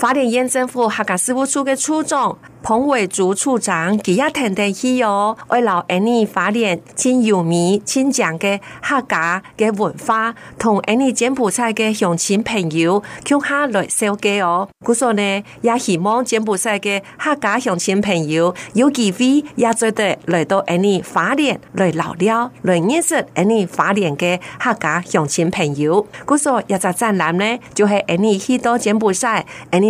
法蓮縣政府客家事務處的處長彭偉柱處長，佢也聽到去哦，為老印尼法蓮親友名、最強嘅客家嘅文化，同印尼柬埔寨的鄉親朋友，叫下來收機哦。據說呢，也希望柬埔寨的客家鄉親朋友有機會也再來到印尼法蓮來聊聊，來認識印尼法蓮的客家鄉親朋友。據說一在展覽呢，就係印尼許多柬埔寨印尼。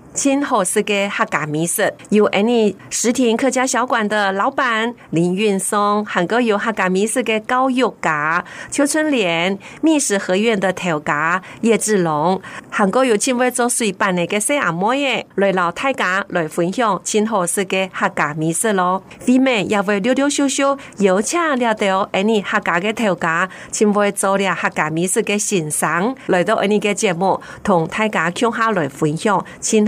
清河市嘅客家美食，有安尼石亭客家小館的老闆林運松，還有有客家美食的高玉家、邱春蓮、美食合院的頭家葉志龍，還有有請來做水辦的個細阿妹嘅來，大家來分享清河市嘅客家美食咯。裏面也會丟丟笑笑，有請了到安尼客家的頭家，請會做了客家美食的欣賞，來到安尼嘅節目，同大家共下來分享清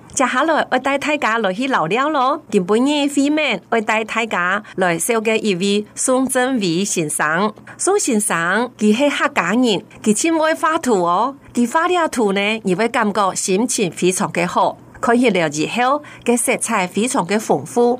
接下來我帶大家來去遊覽嘍。原本呢，封面我帶大家來收嘅一位宋政偉先生，宋先生佢係客家人，佢千外發圖哦，佢發啲啊圖呢，你會感覺心情非常嘅好，可以了以後嘅色彩非常嘅豐富。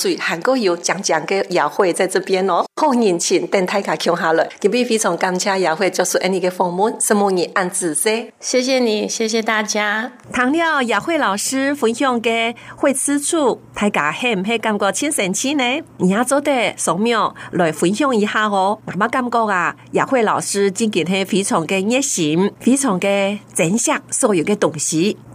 所以韓國有講講的雅惠在這邊哦，好年輕，等大家看下來，特別非常感謝雅惠，就是你的訪問，什麼你按子噻？謝謝你，謝謝大家。聽了雅惠老師分享的惠吃醋，大家還唔係感覺青春期呢？你要做的掃描來分享一下哦。那麼感覺啊，雅惠老師今天他非常嘅熱心，非常嘅珍惜所有嘅東西。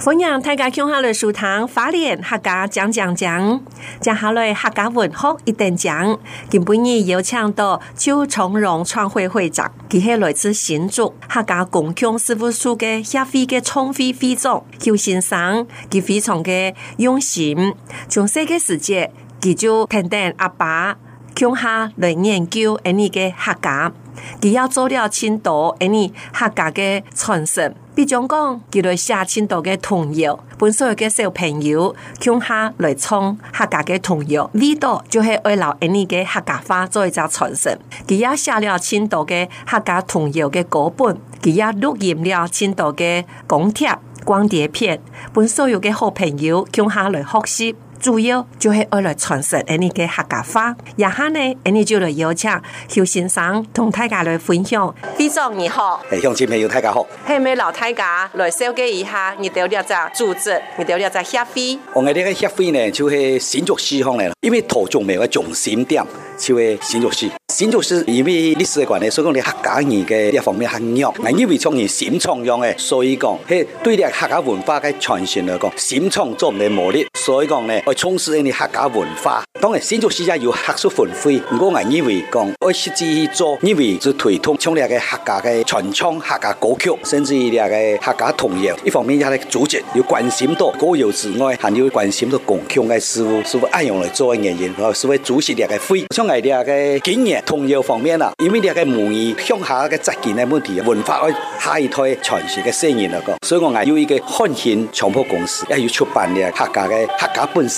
弘揚客家瓊夏的書堂，花蓮客家靚靚靚，講下了客家文化一等獎。今半年又請到邱從容創會會長，他是來自新竹客家共享事務所的協會的創會會長邱先生，佢非常的用心，從細個時節，佢就聽聽阿爸瓊夏來研究，而你嘅客家，佢要做了遷徙，而你客家的傳承。畢將講寫青島的童謠，本所有的小朋友向下嚟唱客家的童謠，呢度就係愛流印尼客家話做一個傳承。佢也寫了青島的客家童謠的歌本，佢也錄音了青島的港鐵、光碟片，本所有的好朋友向下嚟學習。主要就是愛嚟，傳承，而你嘅客家話，然後呢，而你就來邀請邱先生同大家來分享。非常你好，鄉親朋友大家好，係咪老大家來介紹一下你哋嘅組織，你哋嘅協會。我們呢個協會呢就是新竹市方嚟，因為頭中沒有中心點就是新竹市。新竹市因為歷史的關係，所以講客家人的一方面係弱。因為創業新創用的，所以講喺對呢客家文化的傳承來講，新創做唔到磨力，所以講呢。我充實你的客家文化，當然新竹市政府要吸收反饋。如果我依位講，實際去做依為是推動唱下嘅客家的傳唱、客家歌曲，甚至係的客家童謠，一方面的組織，要關心到歌友之外，還要關心到共享的事務是否按樣來做嘅嘢，然後為主組的啲嘅會。像我哋嘅經驗，童謠方面啦，因為啲的母語鄉下的實踐的問題，文化下一代傳承的聲音來講，所以我們要一個喚醒傳播公司，要出版嘅客家的客家本事。